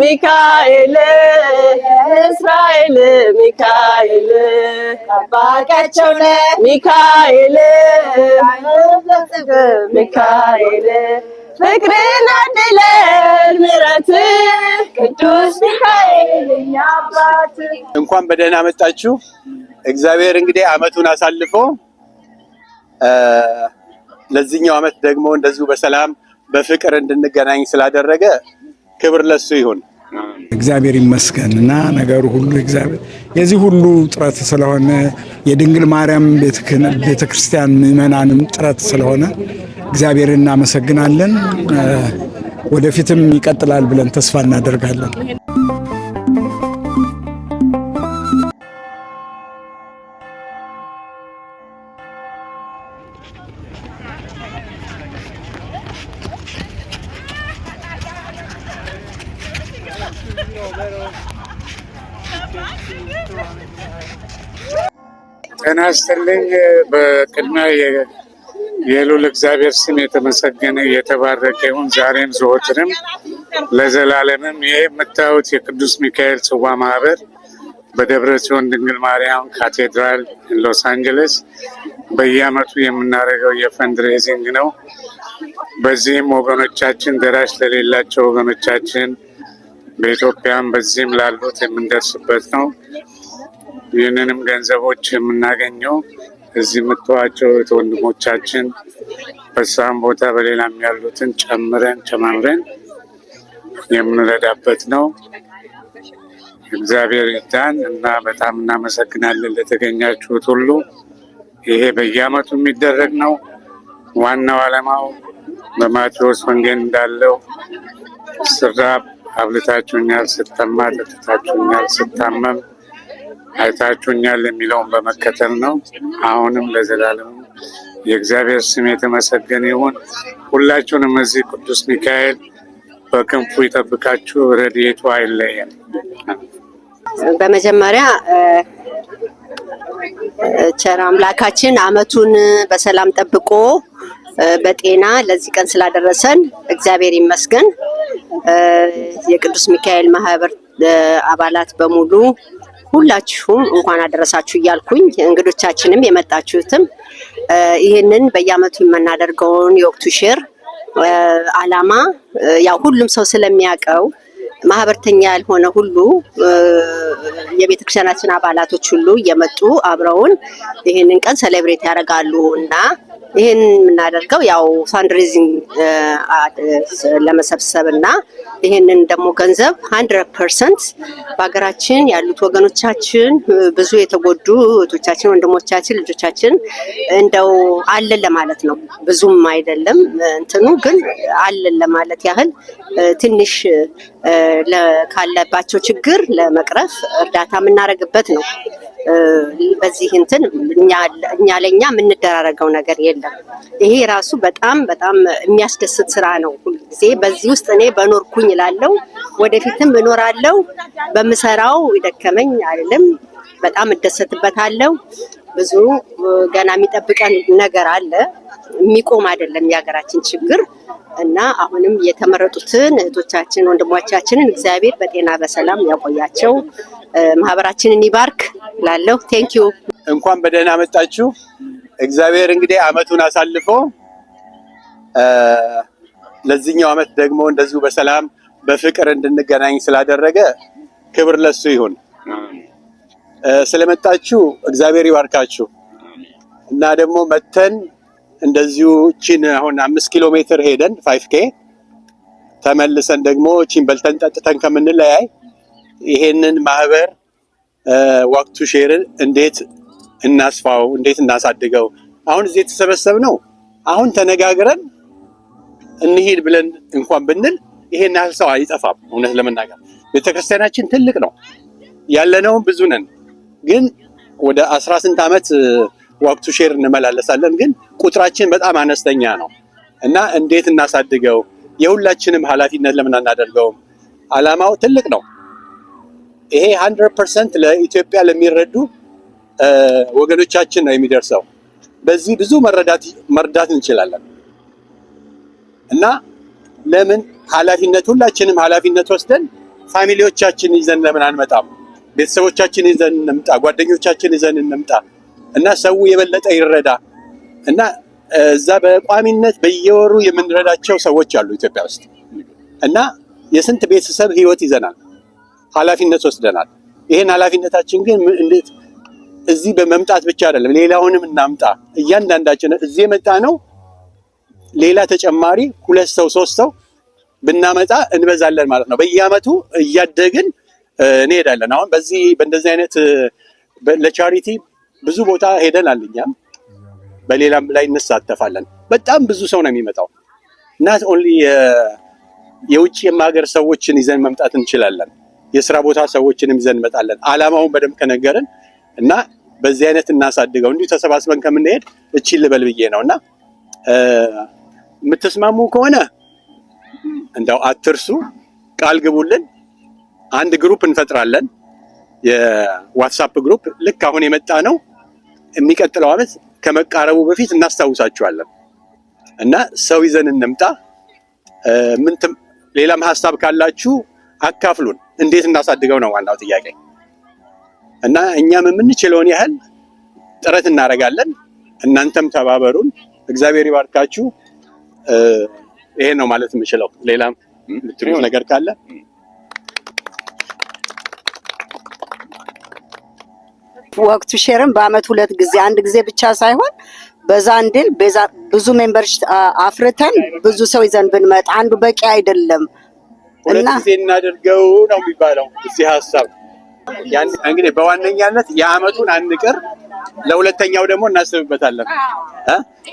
ሚካኤል እስራኤል ሚካኤል ሚካኤል ሚካኤል ፍቅርን አድለን ምረት ቅዱስ ሚካኤል እንኳን በደህና መጣችሁ። እግዚአብሔር እንግዲህ አመቱን አሳልፎ ለዚህኛው አመት ደግሞ እንደዚሁ በሰላም በፍቅር እንድንገናኝ ስላደረገ ክብር ለሱ ይሁን። እግዚአብሔር ይመስገን እና ነገሩ ሁሉ እግዚአብሔር የዚህ ሁሉ ጥረት ስለሆነ የድንግል ማርያም ቤተክርስቲያን ምዕመናንም ጥረት ስለሆነ እግዚአብሔር እናመሰግናለን። ወደፊትም ይቀጥላል ብለን ተስፋ እናደርጋለን። ጤና ይስጥልኝ። በቅድሚያ የሉል እግዚአብሔር ስም የተመሰገነ የተባረከ ይሁን ዛሬም ዘወትርም ለዘላለምም። ይህ የምታዩት የቅዱስ ሚካኤል ጽዋ ማህበር በደብረ ጽዮን ድንግል ማርያም ካቴድራል ሎስ አንጀለስ በየአመቱ የምናደርገው የፈንድሬዚንግ ነው። በዚህም ወገኖቻችን ደራሽ ለሌላቸው ወገኖቻችን በኢትዮጵያም በዚህም ላሉት የምንደርስበት ነው። ይህንንም ገንዘቦች የምናገኘው እዚህ የምትዋቸው ወንድሞቻችን በሳም ቦታ በሌላም ያሉትን ጨምረን ጨማምረን የምንረዳበት ነው። እግዚአብሔር ይዳን እና በጣም እናመሰግናለን ለተገኛችሁት ሁሉ። ይሄ በየአመቱ የሚደረግ ነው። ዋናው ዓላማው በማቴዎስ ወንጌል እንዳለው ስራብ አብልታችሁኛል፣ ስተማ ጠጥታችሁኛል፣ ስታመም አይታችሁኛል የሚለውን በመከተል ነው። አሁንም ለዘላለም የእግዚአብሔር ስም የተመሰገነ ይሁን። ሁላችሁንም እዚህ ቅዱስ ሚካኤል በክንፉ ይጠብቃችሁ፣ ረድኤቱ አይለየም። በመጀመሪያ ቸር አምላካችን አመቱን በሰላም ጠብቆ በጤና ለዚህ ቀን ስላደረሰን እግዚአብሔር ይመስገን። የቅዱስ ሚካኤል ማህበር አባላት በሙሉ ሁላችሁም እንኳን አደረሳችሁ እያልኩኝ እንግዶቻችንም የመጣችሁትም ይህንን በየአመቱ የምናደርገውን የወቅቱ ሼር አላማ ያው ሁሉም ሰው ስለሚያውቀው ማህበርተኛ ያልሆነ ሁሉ የቤተክርስቲያናችን አባላቶች ሁሉ እየመጡ አብረውን ይህንን ቀን ሴሌብሬት ያደርጋሉ እና ይህን የምናደርገው ያው ፋንድሬዚንግ ለመሰብሰብ እና ይህንን ደግሞ ገንዘብ ሀንድረድ ፐርሰንት በሀገራችን ያሉት ወገኖቻችን ብዙ የተጎዱ እህቶቻችን፣ ወንድሞቻችን፣ ልጆቻችን እንደው አለን ለማለት ነው። ብዙም አይደለም እንትኑ ግን አለን ለማለት ያህል ትንሽ ካለባቸው ችግር ለመቅረፍ እርዳታ የምናደርግበት ነው። በዚህ እንትን እኛ ለእኛ የምንደራረገው ነገር የለም። ይሄ ራሱ በጣም በጣም የሚያስደስት ስራ ነው። ሁልጊዜ በዚህ ውስጥ እኔ በኖርኩኝ ላለው ወደፊትም እኖራለው። በምሰራው ይደከመኝ አይደለም፣ በጣም እደሰትበታለው። ብዙ ገና የሚጠብቀን ነገር አለ። የሚቆም አይደለም የሀገራችን ችግር እና አሁንም የተመረጡትን እህቶቻችን ወንድሞቻችንን እግዚአብሔር በጤና በሰላም ያቆያቸው። ማህበራችንን ይባርክ ላለው ዩ። እንኳን በደህና መጣችሁ። እግዚአብሔር እንግዲህ አመቱን አሳልፎ ለዚህኛው አመት ደግሞ እንደዚሁ በሰላም በፍቅር እንድንገናኝ ስላደረገ ክብር ለሱ ይሁን። ስለመጣችሁ እግዚአብሔር ይባርካችሁ እና ደግሞ መተን እንደዚሁ ቺን አሁን አምስት ኪሎ ሜትር ሄደን ፋይፍ ኬ ተመልሰን ደግሞ ቺን በልተን ጠጥተን ከምንለያይ ይሄንን ማህበር ወቅቱ ሼርን እንዴት እናስፋው፣ እንዴት እናሳድገው? አሁን እዚህ ነው አሁን ተነጋግረን እንሂድ ብለን እንኳን ብንል ይሄን ያህል ሰው አይጠፋም። እውነት ለመናገር ቤተክርስቲያናችን ትልቅ ነው፣ ያለነውም ብዙ ነን። ግን ወደ አስራ ስንት ዓመት ወቅቱ ሼር እንመላለሳለን፣ ግን ቁጥራችን በጣም አነስተኛ ነው እና እንዴት እናሳድገው? የሁላችንም ኃላፊነት ለምን አናደርገውም? አላማው ትልቅ ነው። ይሄ 100 ፐርሰንት ለኢትዮጵያ ለሚረዱ ወገኖቻችን ነው የሚደርሰው። በዚህ ብዙ መርዳት እንችላለን እና ለምን ኃላፊነት ሁላችንም ኃላፊነት ወስደን ፋሚሊዎቻችን ይዘን ለምን አንመጣም? ቤተሰቦቻችን ይዘን እንምጣ፣ ጓደኞቻችን ይዘን እንምጣ እና ሰው የበለጠ ይረዳ እና እዛ በቋሚነት በየወሩ የምንረዳቸው ሰዎች አሉ ኢትዮጵያ ውስጥ እና የስንት ቤተሰብ ህይወት ይዘናል። ኃላፊነት ወስደናል። ይሄን ኃላፊነታችን ግን እዚህ በመምጣት ብቻ አይደለም፣ ሌላውንም እናምጣ። እያንዳንዳችን እዚህ የመጣ ነው ሌላ ተጨማሪ ሁለት ሰው ሶስት ሰው ብናመጣ እንበዛለን ማለት ነው። በየአመቱ እያደግን እንሄዳለን። አሁን በዚህ በእንደዚህ አይነት ለቻሪቲ ብዙ ቦታ ሄደናል። እኛም በሌላም ላይ እንሳተፋለን። በጣም ብዙ ሰው ነው የሚመጣው። ናት ኦንሊ የውጭ የማገር ሰዎችን ይዘን መምጣት እንችላለን። የስራ ቦታ ሰዎችንም ይዘን እንመጣለን። አላማውን በደንብ ከነገርን እና በዚህ አይነት እናሳድገው እንዲሁ ተሰባስበን ከምንሄድ እቺ ልበል ብዬ ነው እና የምትስማሙ ከሆነ እንደው አትርሱ፣ ቃል ግቡልን። አንድ ግሩፕ እንፈጥራለን፣ የዋትሳፕ ግሩፕ ልክ አሁን የመጣ ነው። የሚቀጥለው ዓመት ከመቃረቡ በፊት እናስታውሳችኋለን እና ሰው ይዘን እንምጣ። ሌላም ሀሳብ ካላችሁ አካፍሉን። እንዴት እናሳድገው ነው ዋናው ጥያቄ። እና እኛም የምንችለውን ያህል ጥረት እናደርጋለን። እናንተም ተባበሩን። እግዚአብሔር ይባርካችሁ። ይሄ ነው ማለት የምችለው። ሌላም የምትሉት ነገር ካለ ወቅቱ ሼርም በአመት ሁለት ጊዜ አንድ ጊዜ ብቻ ሳይሆን በዛን ድል ብዙ ሜምበርሽ አፍርተን ብዙ ሰው ይዘን ብንመጣ አንዱ በቂ አይደለም። ሁለት ጊዜ እናደርገው ነው የሚባለው እዚህ ሀሳብ እንግዲህ በዋነኛነት የአመቱን አንቅር፣ ለሁለተኛው ደግሞ እናስብበታለን።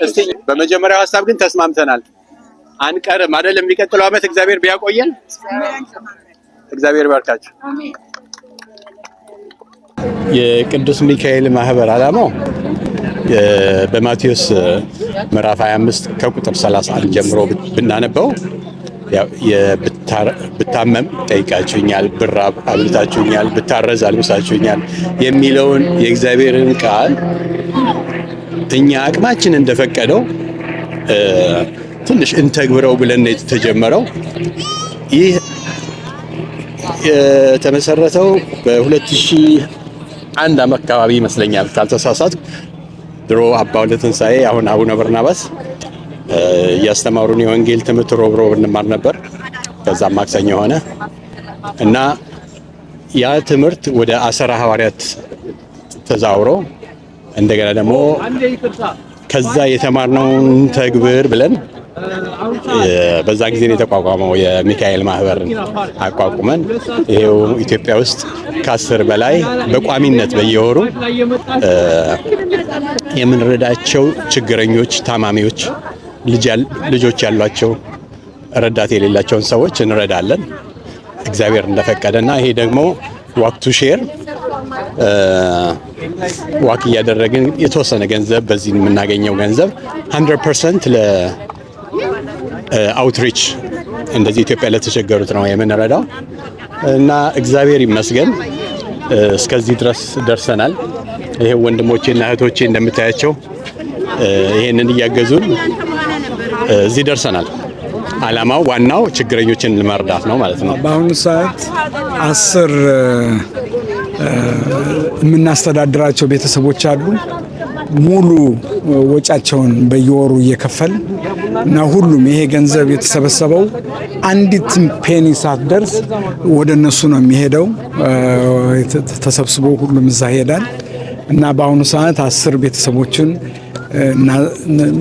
እስቲ በመጀመሪያው ሀሳብ ግን ተስማምተናል። አንቀርም አይደል? የሚቀጥለው አመት እግዚአብሔር ቢያቆየን። እግዚአብሔር ባርካችሁ። የቅዱስ ሚካኤል ማህበር ዓላማው በማቴዎስ ምዕራፍ 25 ከቁጥር 31 ጀምሮ ብናነበው ብታመም ጠይቃችሁኛል፣ ብራብ አብልታችሁኛል፣ ብታረዝ አልብሳችሁኛል የሚለውን የእግዚአብሔርን ቃል እኛ አቅማችን እንደፈቀደው ትንሽ እንተግብረው ብለን የተጀመረው። ይህ የተመሰረተው በ2001 አካባቢ ይመስለኛል ካልተሳሳት ድሮ አባ ወልደ አሁን አቡነ በርናባስ እያስተማሩን የወንጌል ትምህርት ሮብ ሮብ እንማር ነበር። ከዛም ማክሰኞ የሆነ እና ያ ትምህርት ወደ አሰራ ሐዋርያት ተዛውሮ እንደገና ደግሞ ከዛ የተማርነውን ተግብር ብለን በዛ ጊዜ የተቋቋመው የሚካኤል ማህበርን አቋቁመን ይሄው ኢትዮጵያ ውስጥ ከአስር በላይ በቋሚነት በየወሩ የምንረዳቸው ችግረኞች፣ ታማሚዎች ልጆች ያሏቸው ረዳት የሌላቸውን ሰዎች እንረዳለን እግዚአብሔር እንደፈቀደና ይሄ ደግሞ ዋክ ቱ ሼር ዋክ እያደረግን የተወሰነ ገንዘብ በዚህ የምናገኘው ገንዘብ 100 ለአውትሪች እንደዚህ ኢትዮጵያ ለተቸገሩት ነው የምንረዳው እና እግዚአብሔር ይመስገን እስከዚህ ድረስ ደርሰናል። ይሄ ወንድሞቼና እህቶቼ እንደምታያቸው ይሄንን እያገዙን እዚህ ደርሰናል። አላማው ዋናው ችግረኞችን መርዳት ነው ማለት ነው። በአሁኑ ሰዓት አስር የምናስተዳድራቸው ቤተሰቦች አሉ። ሙሉ ወጫቸውን በየወሩ እየከፈል እና ሁሉም ይሄ ገንዘብ የተሰበሰበው አንዲት ፔኒ ሳትደርስ ወደ እነሱ ነው የሚሄደው። ተሰብስቦ ሁሉም እዛ ይሄዳል እና በአሁኑ ሰዓት አስር ቤተሰቦችን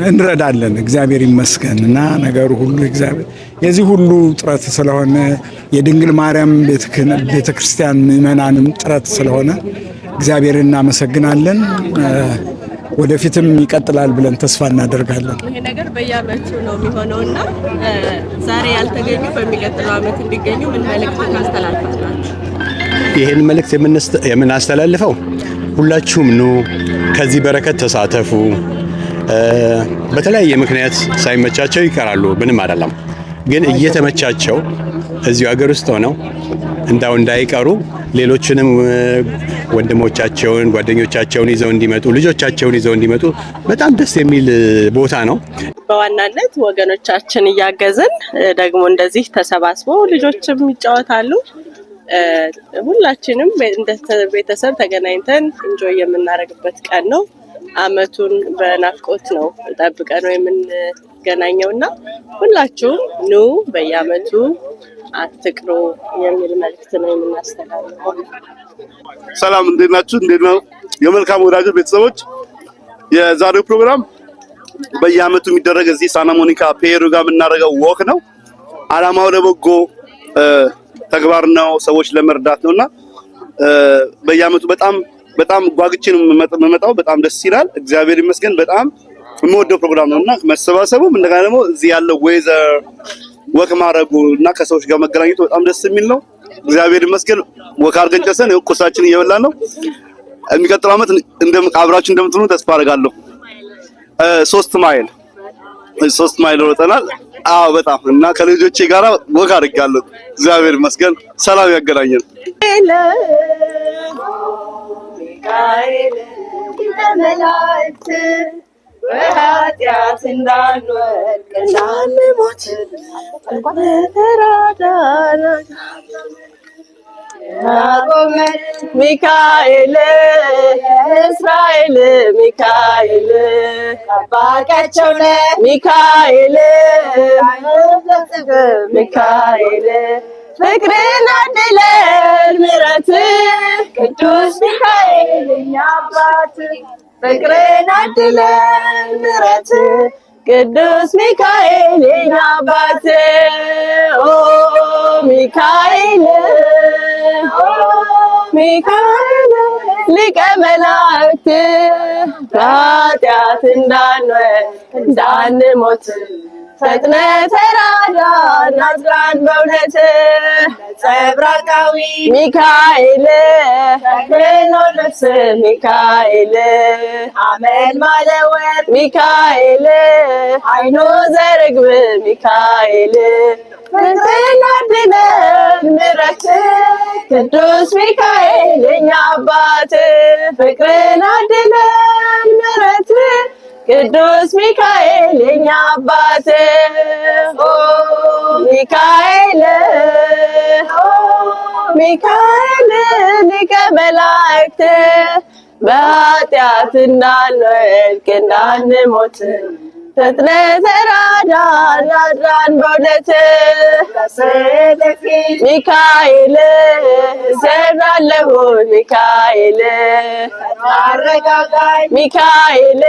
እንረዳለን። እግዚአብሔር ይመስገን እና ነገሩ ሁሉ እግዚአብሔር የዚህ ሁሉ ጥረት ስለሆነ የድንግል ማርያም ቤተክርስቲያን ምእመናንም ጥረት ስለሆነ እግዚአብሔር እናመሰግናለን። ወደፊትም ይቀጥላል ብለን ተስፋ እናደርጋለን። ይሄ ነገር በየዓመቱ ነው የሚሆነው እና ዛሬ ያልተገኙ በሚቀጥለው አመት እንዲገኙ ምን መልእክት ታስተላልፋላችሁ? ይህን መልእክት የምናስተላልፈው ሁላችሁም ኑ፣ ከዚህ በረከት ተሳተፉ በተለያየ ምክንያት ሳይመቻቸው ይቀራሉ። ምንም አይደለም። ግን እየተመቻቸው እዚሁ ሀገር ውስጥ ሆነው እንዳው እንዳይቀሩ ሌሎችንም ወንድሞቻቸውን ጓደኞቻቸውን ይዘው እንዲመጡ ልጆቻቸውን ይዘው እንዲመጡ በጣም ደስ የሚል ቦታ ነው። በዋናነት ወገኖቻችን እያገዝን ደግሞ እንደዚህ ተሰባስበው ልጆችም ይጫወታሉ። ሁላችንም እንደ ቤተሰብ ተገናኝተን እንጆ የምናደርግበት ቀን ነው። አመቱን በናፍቆት ነው ጠብቀ ነው የምንገናኘው እና ሁላችሁም ኑ በየአመቱ አትቅሩ የሚል መልእክት ነው የምናስተላልፈው። ሰላም፣ እንዴት ናችሁ? እንዴት ነው የመልካም ወዳጆ ቤተሰቦች? የዛሬው ፕሮግራም በየአመቱ የሚደረግ እዚህ ሳና ሞኒካ ፔሩ ጋር የምናደርገው ወክ ነው። አላማው ለበጎ ተግባር ነው፣ ሰዎች ለመርዳት ነው እና በየአመቱ በጣም በጣም ጓግቼ ነው የምመጣው። በጣም ደስ ይላል። እግዚአብሔር ይመስገን። በጣም የምወደው ፕሮግራም ነው እና መሰባሰቡም እንደገና ደግሞ እዚህ ያለው ወይዘር ወክ ማድረጉ እና ከሰዎች ጋር መገናኘቱ በጣም ደስ የሚል ነው። እግዚአብሔር ይመስገን። ወክ አድርገን ጨሰን ቁርሳችን እየበላን ነው። የሚቀጥለው ዓመት አብራችሁ እንደምትሆኑ ተስፋ አደርጋለሁ። ሶስት ማይል ሶስት ማይል ሮጠናል። አዎ በጣም እና ከልጆቼ ጋራ ወክ አድርጋለሁ። እግዚአብሔር ይመስገን። ሰላም ያገናኘን። ሚካኤል ይተመላእክት በኃጢአት እንዳንወድቅ እንዳንሞት ተራዳን። ያዕቆብ ሚካኤል እስራኤል ሚካኤል አባቃቸው ነ ሚካኤል ሚካኤል ፍቅርን አድለን ምረት ቅዱስ ሚካኤል እኛ አባት ፍቅርን አድለን ምረት ቅዱስ ሚካኤል አባት ኦ ሚካኤል ሚካኤል ሊቀ መላእክት ኃጢአት እንዳንወድቅ እንዳንሞት ፈጥነ ተራዳን አጽናን በእውነት ጸብራቃዊ ሚካኤል ተክኖ ልብስ ሚካኤል አመን ማለወር ሚካኤል አይኖ ዘርግብ ሚካኤል ምንትናድነን ምረት ቅዱስ ሚካኤል እኛ አባት ፍቅርን ምረት ቅዱስ ሚካኤል የኛ አባት ሚካኤል ሚካኤል ሊቀ መላእክት በኃጢአት እንዳንወድቅ እንዳንሞት ፍጥነት ራዳን ራዳን በእውነት ሚካኤል ዘምራለሁ ሚካኤል ሚካኤል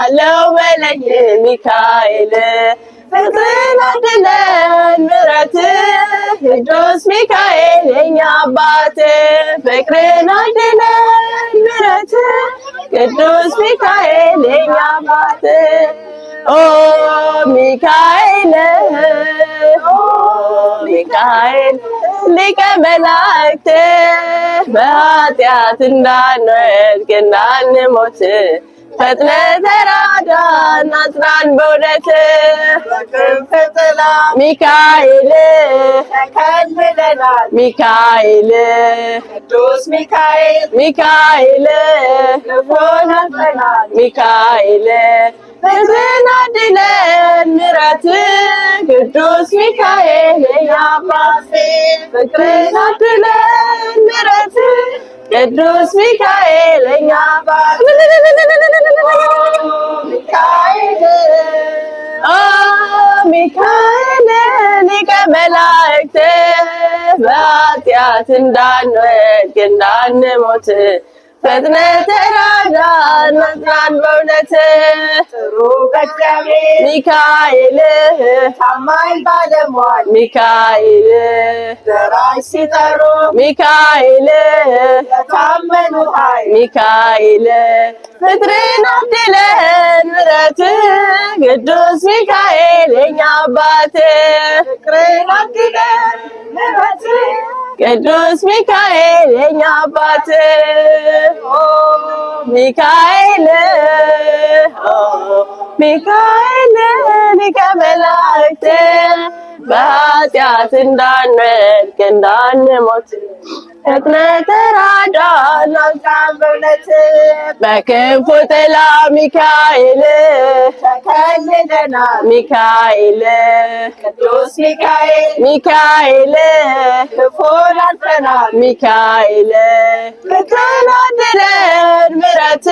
አለው በለኝ ሚካኤል ፍቅርን ምረት ቅዱስ ሚካኤል የኛ አባት ፍቅርን አድነን ምረት ቅዱስ ሚካኤል የኛ አባት ኦ ሚካኤል ሚካኤል ሊቀ መላእክት በኃጢአት እንዳንወድቅ እንዳንሞት ፈጥነ ተራዳን አጽናን በእውነት ሚካኤል ከልለናል ሚካኤል ቅዱስ ሚካኤል ሚካኤል ልቦና ሚካኤል ሕዝብን አድነን ቅዱስ ሚካኤል ያባሴ ፍቅርን አድነን ቅዱስ ሚካኤል እኛ ሚካኤል ሊቀ መላእክት በኃጢአት እንዳንወድቅ እንዳንሞት ፈጥነ ተራዳን መጽናን በእውነት ጥሩ ከእግዚአብሔር ሚካኤል ታማኝ ባለሟል ሚካኤል ደራሽ ሲጠሩ ሚካኤል የታመኑ ኃይል ሚካኤል ፍጥርን አድለን ምሕረት ቅዱስ ሚካኤል የኛ አባት ፍጥርን አድለን ምሕረት ቅዱስ ሚካኤል የኛ አባት ሚካኤል ሚካኤል ሊቀ መላእክት በኃጢአት እንዳንወድቅ እንዳንሞት ፍጥነት ራዳን አብቃን በእውነት በክንፉ ጥላ ሚካኤል ተከልለና ሚካኤል ቅዱስ ሚካኤል ሚካኤል ክፉን አጥፈና ሚካኤል ምትናድረን ምረት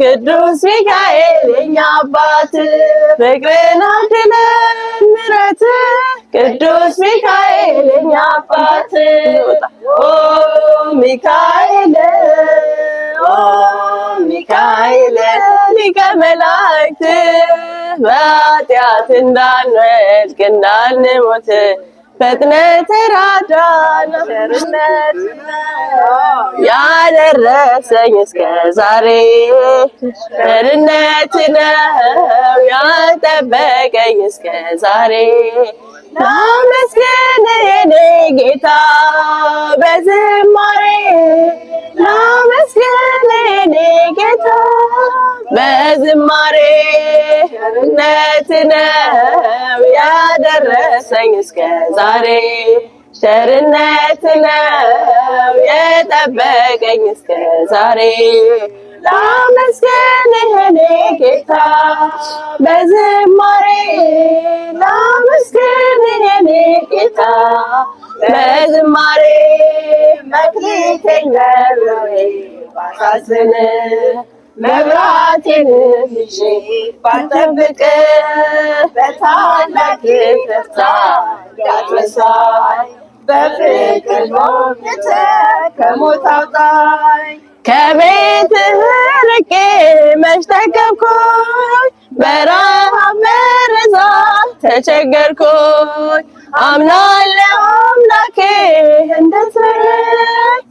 ቅዱስ ሚካኤል የኛ አባት ፍቅርን አድለን ምረት ቅዱስ ሚካኤል የኛ አባት ሚካኤል ኦ ሚካኤል ሊቀ መላእክት በኃጢአት እንዳንወድቅ እንዳንሞት ፈጥነህ ተራዳን። ያደረሰኝ እስከ ዛሬ ቸርነት ነው ያጠበቀኝ እስከ ዛሬ ላመስግን የኔ ጌታ በዝማሬ ላመስግን የኔ ጌታ በዝማሬ ቸርነት ነው ያደረሰኝ እስከ ዛሬ ቸርነት ነው የጠበቀኝ እስከ ዛሬ ላመስግን እኔ ጌታ በዝማሬ ላመስግን እኔ ጌታ በዝማሬ መክሊቴን ደርቤ ባሳዝን መብራቴን ይዤ ባልጠብቅ በታላቅ ደስታ ያትመሳይ በፍቅር ሞት ከሞት አውጣኝ ከቤት ርቄ መች ጠገብኩኝ፣ በረሃብ መርዛት ተቸገርኩኝ። አምናለሁ አምላኬ እንዳስረኝ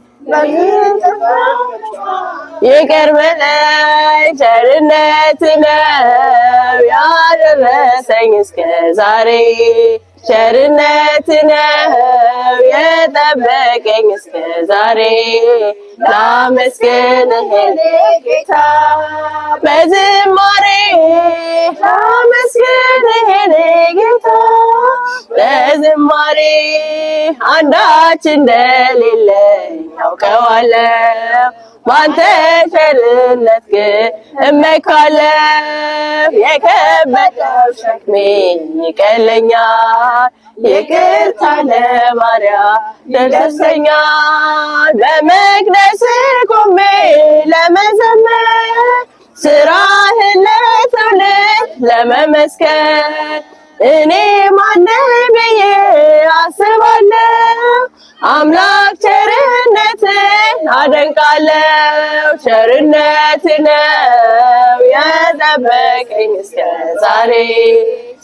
ይቅር በለኝ ቸርነት ነው ያደረሰኝ እስከ ዛሬ ቸርነት ነው ነው የጠበቀኝ እስከ ዛሬ ላመስግንህ ጌታ በዝማሬ ላመስግንህ ጌታ በዝማሬ አንዳች እንደሌለ ያውቀዋለሁ ባንተ ቸርነት ግን እመካለሁ የከበደው ሸክሜ ይቀለኛል። ይቅርታ ለማርያም ደርሰኛል። በመቅደስ ቆሜ ለመዘመር ስራህን ለመመስከር እኔ ማነኝ ብዬ አስባለሁ። አምላክ ቸርነትን አደንቃለሁ። ቸርነት ነው የጠበቀኝ እስከ ዛሬ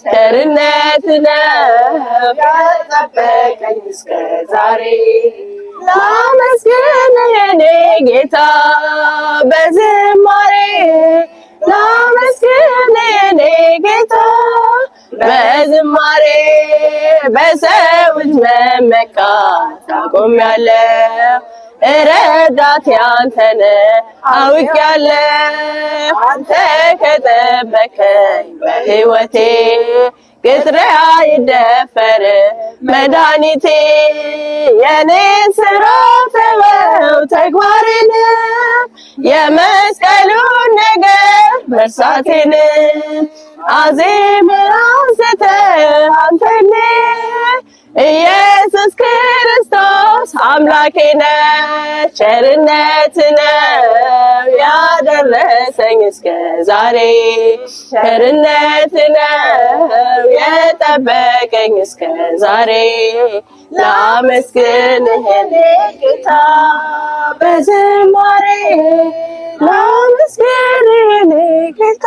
ቸርነት ነው የጠበቀኝ እስከ ዛሬ ላመስግን የኔ ጌታ በዝማሬ ላመስግን የኔ ጌታ በዝማሬ በሰው እጅ መመካት አቆሜያለሁ። እረዳት ያንተነ አውቄያለሁ። አንተ ከጠበከኝ በሕይወቴ ቅጥሬ ይደፈር መድኃኒቴ የኔ ስራ ተወው ተግባሬን የመስቀሉን ነገር መርሳቴን አዜም አንስተ አንተን ኢየሱስ ክርስቶስ አምላኬ ነው፣ ቸርነት ነው ያደረሰኝ እስከ ዛሬ፣ ቸርነት ነው የጠበቀኝ እስከ ዛሬ። ላመስግንህ ጌታ በዝማሬ ላመስግንህ ጌታ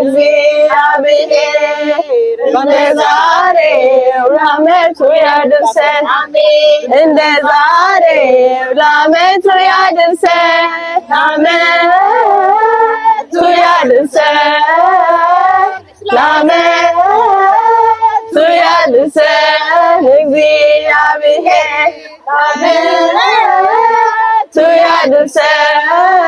in Ziya beni Bendezare Rahmet uyardın sen Bendezare Rahmet uyardın sen tu uyardın sen Rahmet uyardın sen Ziya beni Rahmet uyardın sen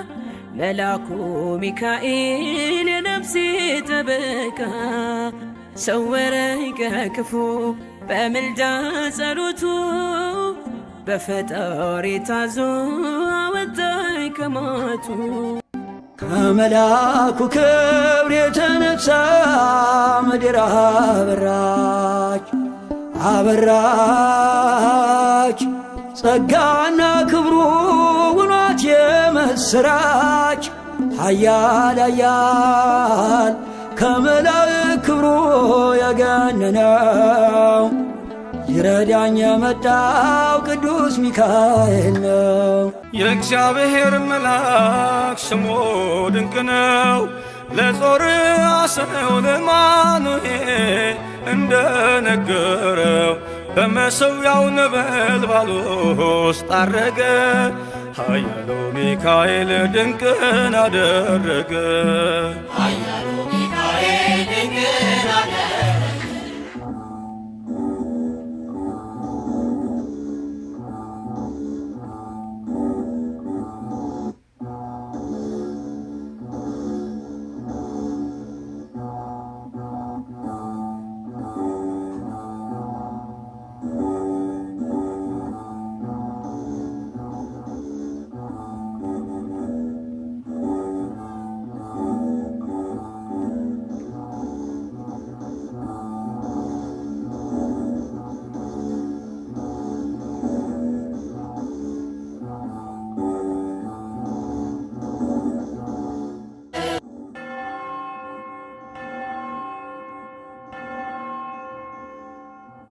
መላኩ ሚካኤል የነፍሴ ጠበቃ ሰወረኝ ከክፉ በምልዳ ጸሎቱ በፈጣሪ ታዞ አወጣኝ ከማቱ ከመላኩ ክብር የተነሳ ምድር አበራች አበራች ጸጋና ክብሩ ውኗት አስራች ሀያል ሀያል ከመላእክት ክብሩ የገነነው ይረዳኝ የመጣው ቅዱስ ሚካኤል ነው። የእግዚአብሔር መልአክ ስሙ ድንቅ ነው። ለጾር አስነው ለማኑኤል እንደነገረው በመሠዊያው ነበልባል ውስጥ አረገ። ኃያሉ ሚካኤል ድንቅን አደረገ